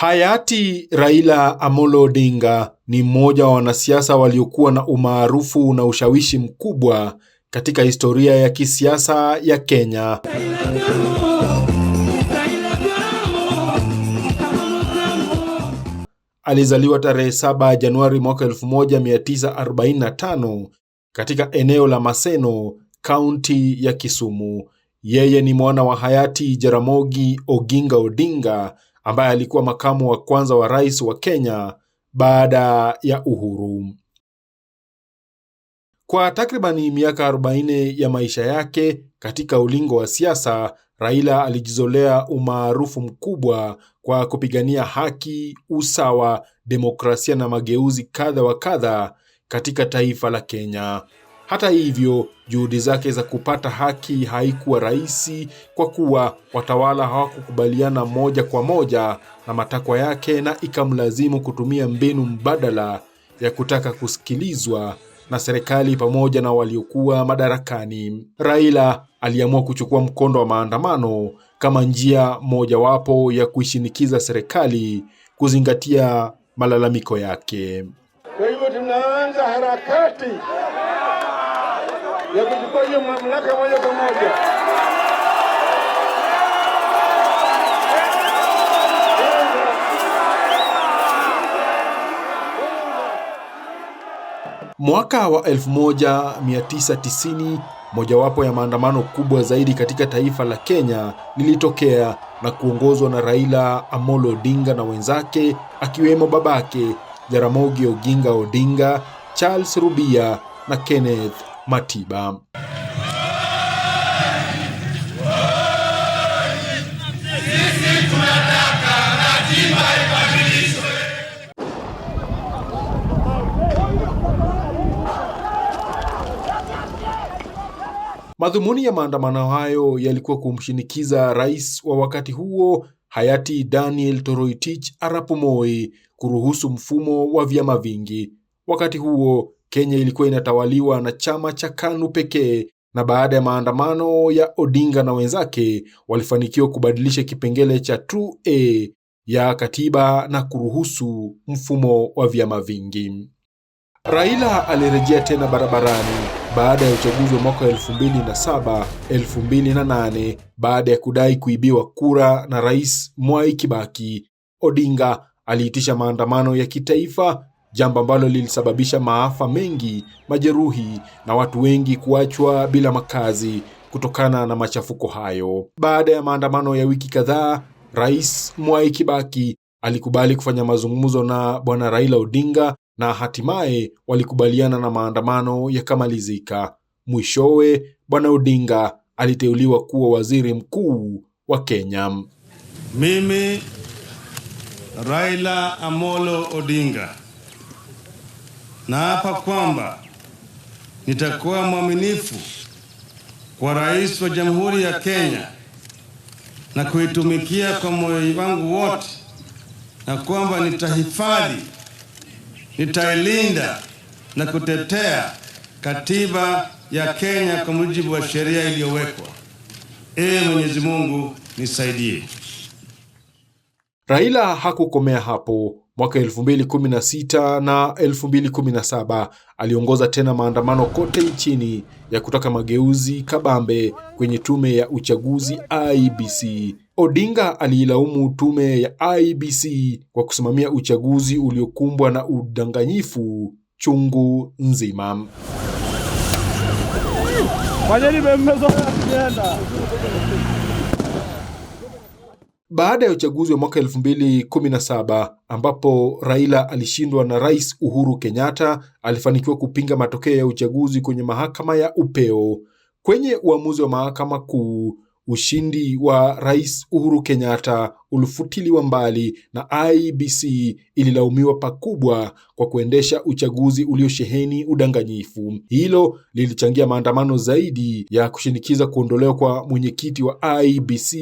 Hayati Raila Amolo Odinga ni mmoja wa wanasiasa waliokuwa na umaarufu na ushawishi mkubwa katika historia ya kisiasa ya Kenya. Alizaliwa tarehe 7 Januari mwaka 1945 katika eneo la Maseno, kaunti ya Kisumu. Yeye ni mwana wa hayati Jaramogi Oginga Odinga ambaye alikuwa makamu wa kwanza wa rais wa Kenya baada ya uhuru. Kwa takribani miaka 40 ya maisha yake katika ulingo wa siasa, Raila alijizolea umaarufu mkubwa kwa kupigania haki, usawa, demokrasia na mageuzi kadha wa kadha katika taifa la Kenya. Hata hivyo, juhudi zake za kupata haki haikuwa rahisi kwa kuwa watawala hawakukubaliana moja kwa moja na matakwa yake na ikamlazimu kutumia mbinu mbadala ya kutaka kusikilizwa na serikali pamoja na waliokuwa madarakani. Raila aliamua kuchukua mkondo wa maandamano kama njia mojawapo ya kuishinikiza serikali kuzingatia malalamiko yake. Kwa hivyo tunaanza harakati ya kuchukua hiyo mamlaka moja kwa moja. Mwaka wa 1990 mojawapo ya maandamano kubwa zaidi katika taifa la Kenya lilitokea na kuongozwa na Raila Amolo Odinga na wenzake akiwemo babake Jaramogi Oginga Odinga, Charles Rubia na Kenneth Matiba. Madhumuni ya maandamano hayo yalikuwa kumshinikiza rais wa wakati huo hayati Daniel Toroitich Arap Moi kuruhusu mfumo wa vyama vingi. Wakati huo Kenya ilikuwa inatawaliwa na chama cha KANU pekee, na baada ya maandamano ya Odinga na wenzake walifanikiwa kubadilisha kipengele cha 2A ya katiba na kuruhusu mfumo wa vyama vingi. Raila alirejea tena barabarani baada ya uchaguzi wa mwaka 2007, 2008 baada ya kudai kuibiwa kura na Rais Mwai Kibaki. Odinga aliitisha maandamano ya kitaifa jambo ambalo lilisababisha maafa mengi, majeruhi na watu wengi kuachwa bila makazi kutokana na machafuko hayo. Baada ya maandamano ya wiki kadhaa, Rais Mwai Kibaki alikubali kufanya mazungumzo na Bwana Raila Odinga na hatimaye walikubaliana na maandamano yakamalizika. Mwishowe Bwana Odinga aliteuliwa kuwa waziri mkuu wa Kenya. Mimi Raila Amolo Odinga Naapa kwamba nitakuwa mwaminifu kwa Rais wa Jamhuri ya Kenya na kuitumikia kwa moyo wangu wote, na kwamba nitahifadhi, nitailinda na kutetea katiba ya Kenya kwa mujibu wa sheria iliyowekwa. Ee Mwenyezi Mungu nisaidie. Raila hakukomea hapo mwaka 2016 na 2017 aliongoza tena maandamano kote nchini ya kutaka mageuzi kabambe kwenye tume ya uchaguzi ibc Odinga aliilaumu tume ya ibc kwa kusimamia uchaguzi uliokumbwa na udanganyifu chungu nzima baada ya uchaguzi wa mwaka 2017 ambapo Raila alishindwa na Rais Uhuru Kenyatta, alifanikiwa kupinga matokeo ya uchaguzi kwenye mahakama ya upeo. Kwenye uamuzi wa mahakama kuu, Ushindi wa Rais Uhuru Kenyatta ulifutiliwa mbali na IEBC ililaumiwa pakubwa kwa kuendesha uchaguzi uliosheheni udanganyifu. Hilo lilichangia maandamano zaidi ya kushinikiza kuondolewa kwa mwenyekiti wa IEBC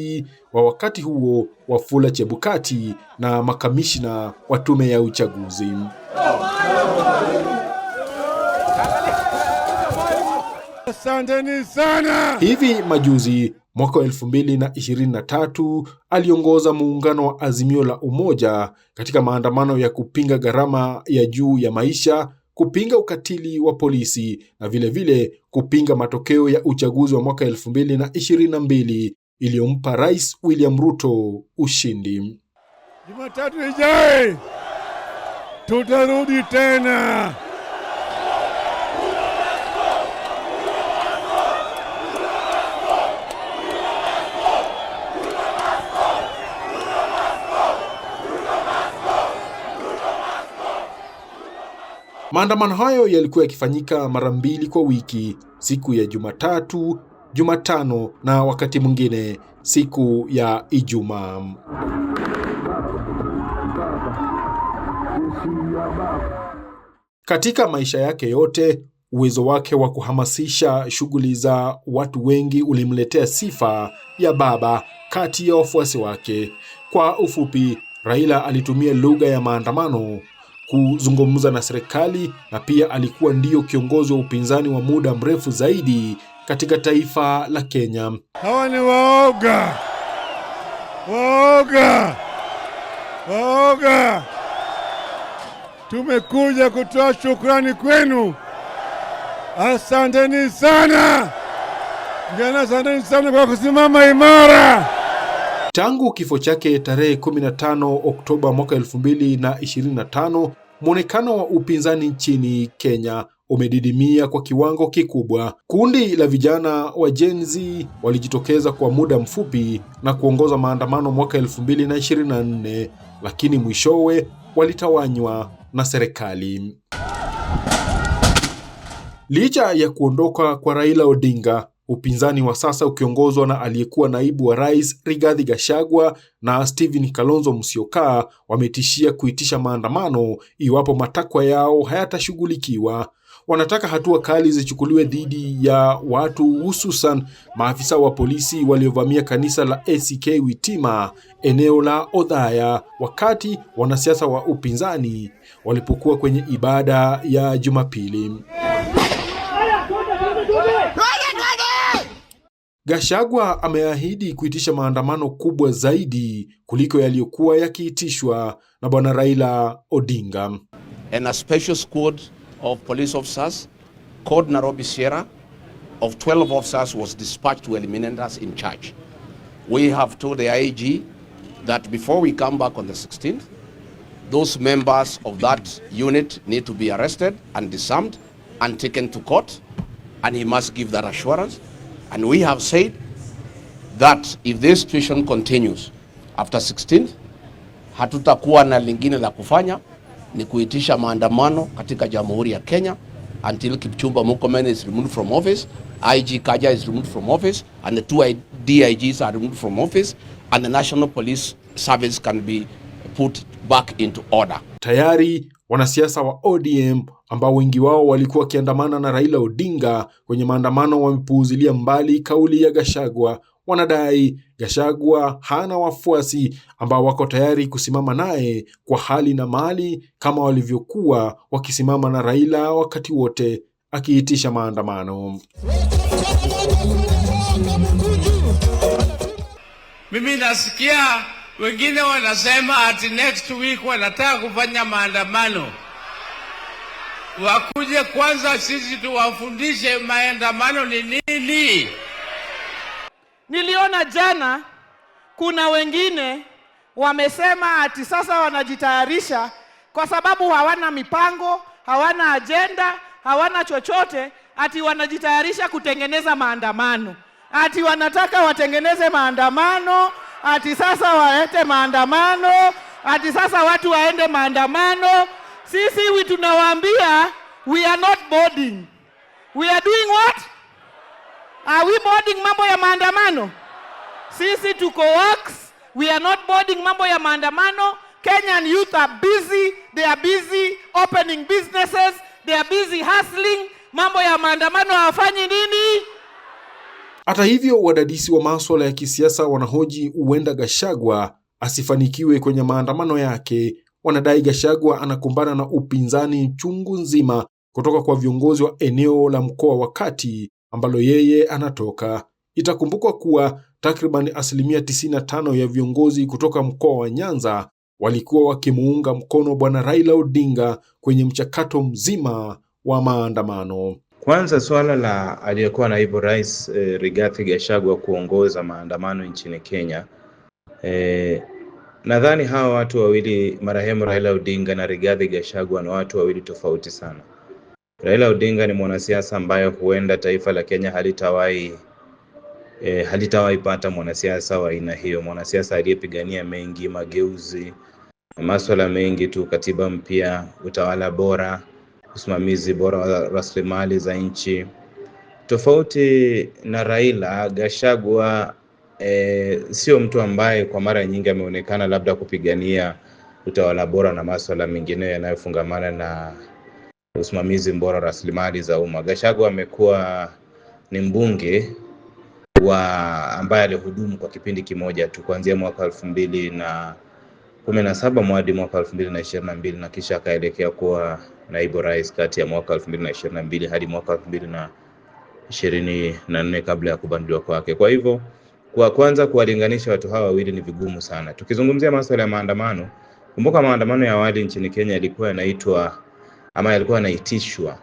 wa wakati huo Wafula Chebukati na makamishna wa tume ya uchaguzi. Asanteni sana. Hivi majuzi Mwaka 2023 aliongoza muungano wa Azimio la Umoja katika maandamano ya kupinga gharama ya juu ya maisha, kupinga ukatili wa polisi na vilevile vile kupinga matokeo ya uchaguzi wa mwaka 2022 iliyompa Rais William Ruto ushindi. Jumatatu ijayo tutarudi tena. Maandamano hayo yalikuwa yakifanyika mara mbili kwa wiki, siku ya Jumatatu, Jumatano na wakati mwingine siku ya Ijumaa. Katika maisha yake yote, uwezo wake wa kuhamasisha shughuli za watu wengi ulimletea sifa ya baba kati ya wafuasi wake. Kwa ufupi, Raila alitumia lugha ya maandamano kuzungumza na serikali na pia alikuwa ndiyo kiongozi wa upinzani wa muda mrefu zaidi katika taifa la Kenya. Hawa ni waoga, waoga, waoga. Tumekuja kutoa shukrani kwenu, asanteni sana vijana, asanteni sana kwa kusimama imara. Tangu kifo chake tarehe 15 Oktoba mwaka 2025, mwonekano wa upinzani nchini Kenya umedidimia kwa kiwango kikubwa. Kundi la vijana wa Gen Z walijitokeza kwa muda mfupi na kuongoza maandamano mwaka 2024, lakini mwishowe walitawanywa na serikali. Licha ya kuondoka kwa Raila Odinga, upinzani wa sasa ukiongozwa na aliyekuwa naibu wa rais Rigathi Gachagua na Stephen Kalonzo Musyoka wametishia kuitisha maandamano iwapo matakwa yao hayatashughulikiwa. Wanataka hatua kali zichukuliwe dhidi ya watu hususan maafisa wa polisi waliovamia kanisa la ACK Witima eneo la Odhaya wakati wanasiasa wa upinzani walipokuwa kwenye ibada ya Jumapili. gashagwa ameahidi kuitisha maandamano kubwa zaidi kuliko yaliyokuwa yakiitishwa na bwana Raila Odinga. And a special squad of police officers called Nairobi Sierra of 12 officers was dispatched to eliminate us in charge. We have told the IG that before we come back on the 16th, those members of that unit need to be arrested and disarmed and taken to court and he must give that assurance And we have said that if this situation continues after 16 hatutakuwa na lingine la kufanya ni kuitisha maandamano katika Jamhuri ya Kenya until Kipchumba Murkomen is removed from office, IG Kaja is removed from office, and the two DIGs are removed from office, and the National Police Service can be put back into order. Tayari Wanasiasa wa ODM ambao wengi wao walikuwa wakiandamana na Raila Odinga kwenye maandamano wamepuuzilia mbali kauli ya Gashagwa. Wanadai Gashagwa hana wafuasi ambao wako tayari kusimama naye kwa hali na mali kama walivyokuwa wakisimama na Raila wakati wote akiitisha maandamano. Mimi nasikia wengine wanasema ati next week wanataka kufanya maandamano. Wakuje kwanza, sisi tuwafundishe maandamano ni nini. Niliona jana kuna wengine wamesema ati sasa wanajitayarisha kwa sababu hawana mipango, hawana ajenda, hawana chochote, ati wanajitayarisha kutengeneza maandamano, ati wanataka watengeneze maandamano ati sasa waete maandamano, ati sasa watu waende maandamano. Sisi tunawaambia we are not boarding. We are doing what? Are we boarding mambo ya maandamano? Sisi tuko works. We are not boarding mambo ya maandamano. Kenyan youth are busy. They are busy opening businesses. They are busy hustling. Mambo ya maandamano hawafanyi nini? Hata hivyo, wadadisi wa maswala ya kisiasa wanahoji huenda Gashagwa asifanikiwe kwenye maandamano yake. Wanadai Gashagwa anakumbana na upinzani chungu nzima kutoka kwa viongozi wa eneo la mkoa wa Kati ambalo yeye anatoka. Itakumbukwa kuwa takriban asilimia 95 ya viongozi kutoka mkoa wa Nyanza walikuwa wakimuunga mkono Bwana Raila Odinga kwenye mchakato mzima wa maandamano. Kwanza suala la aliyekuwa naibu rais e, Rigathi Gachagua kuongoza maandamano nchini Kenya e, nadhani hawa watu wawili marehemu Raila Odinga na Rigathi Gachagua ni watu wawili tofauti sana. Raila Odinga ni mwanasiasa ambaye huenda taifa la Kenya halitawahi e, eh, halitawahi pata mwanasiasa wa aina hiyo, mwanasiasa aliyepigania mengi, mageuzi, maswala mengi tu, katiba mpya, utawala bora usimamizi bora wa rasilimali za nchi. Tofauti na Raila, gashagwa e, eh, sio mtu ambaye kwa mara nyingi ameonekana labda kupigania utawala bora na masuala mengineo yanayofungamana na usimamizi bora rasilimali za umma. Gashagwa amekuwa ni mbunge wa ambaye alihudumu kwa kipindi kimoja tu kuanzia mwaka elfu mbili na kumi na saba mwadi mwaka elfu mbili na ishirini na mbili na kisha akaelekea kuwa naibu rais kati ya mwaka 2022 hadi mwaka 2024 kabla ya kubanduliwa kwake. Kwa hivyo kwa kwanza kuwalinganisha watu hawa wawili ni vigumu sana. Tukizungumzia masuala ya maandamano, kumbuka maandamano ya awali nchini Kenya yalikuwa yanaitwa ama yalikuwa yanaitishwa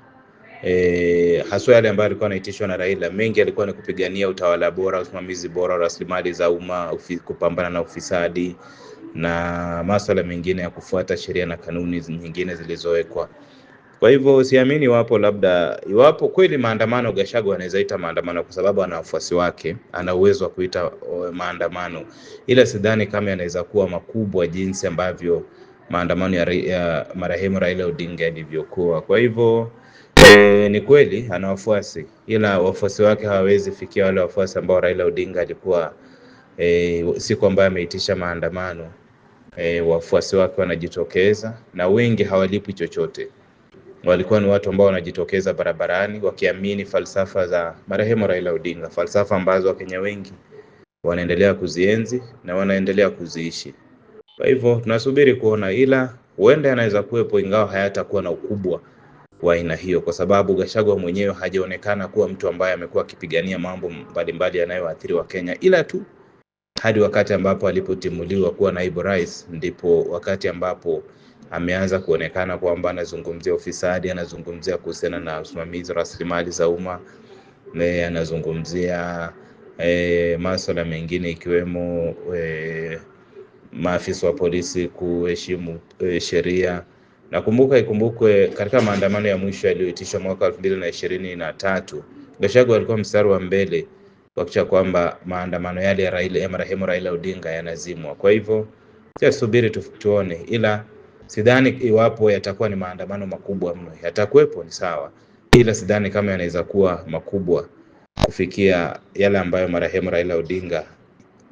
E, haswa yale ambayo yalikuwa yanaitishwa na Raila, mengi yalikuwa ni kupigania utawala bora, usimamizi bora, rasilimali za umma, kupambana na ufisadi na masuala mengine ya kufuata sheria na kanuni nyingine zilizowekwa. Kwa hivyo siamini iwapo labda iwapo kweli maandamano, Gachagua anaweza ita maandamano kwa sababu ana wafuasi wake, ana uwezo wa kuita maandamano, ila sidhani kama yanaweza kuwa makubwa jinsi ambavyo maandamano ya, ya marehemu Raila Odinga yalivyokuwa. Kwa hivyo e, ni kweli ana wafuasi, ila wafuasi wake hawawezi fikia wale wafuasi ambao Raila Odinga alikuwa e, siku ambayo ameitisha maandamano e, wafuasi wake wanajitokeza na wengi hawalipwi chochote. Walikuwa ni watu ambao wanajitokeza barabarani wakiamini falsafa za marehemu Raila Odinga, falsafa ambazo Wakenya wengi wanaendelea kuzienzi na wanaendelea kuziishi. Kwa hivyo tunasubiri kuona, ila huenda yanaweza kuwepo, ingawa hayatakuwa na ukubwa wa aina hiyo, kwa sababu Gachagua mwenyewe hajaonekana kuwa mtu ambaye amekuwa akipigania mambo mbalimbali yanayoathiri Wakenya, ila tu hadi wakati ambapo alipotimuliwa kuwa naibu rais, ndipo wakati ambapo ameanza kuonekana kwamba anazungumzia ufisadi, anazungumzia kuhusiana na usimamizi wa rasilimali za umma, anazungumzia e, masuala mengine ikiwemo e, maafisa wa polisi kuheshimu e, sheria. Nakumbuka ikumbukwe katika maandamano ya mwisho yaliyoitishwa mwaka elfu mbili na ishirini na tatu Gachagua alikuwa mstari wa mbele kuhakikisha kwamba maandamano yale ya Raila ya marehemu Raila Odinga yanazimwa. Kwa hivyo siasubiri tu, tuone, ila sidhani iwapo yatakuwa ni maandamano makubwa mno. Yatakuwepo ni sawa, ila sidhani kama yanaweza kuwa makubwa kufikia yale ambayo marehemu Raila Odinga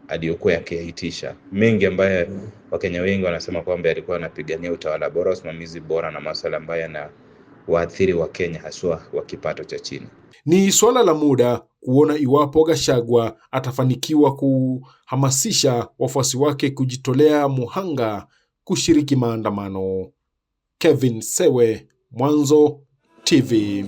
aliyokuwa yakiitisha mengi ambayo mm. Wakenya wengi wanasema kwamba yalikuwa yanapigania utawala bora, usimamizi bora na masuala ambayo yana waathiri wa Kenya haswa wa kipato cha chini. Ni suala la muda kuona iwapo Gachagua atafanikiwa kuhamasisha wafuasi wake kujitolea muhanga kushiriki maandamano. Kevin Sewe, Mwanzo TV.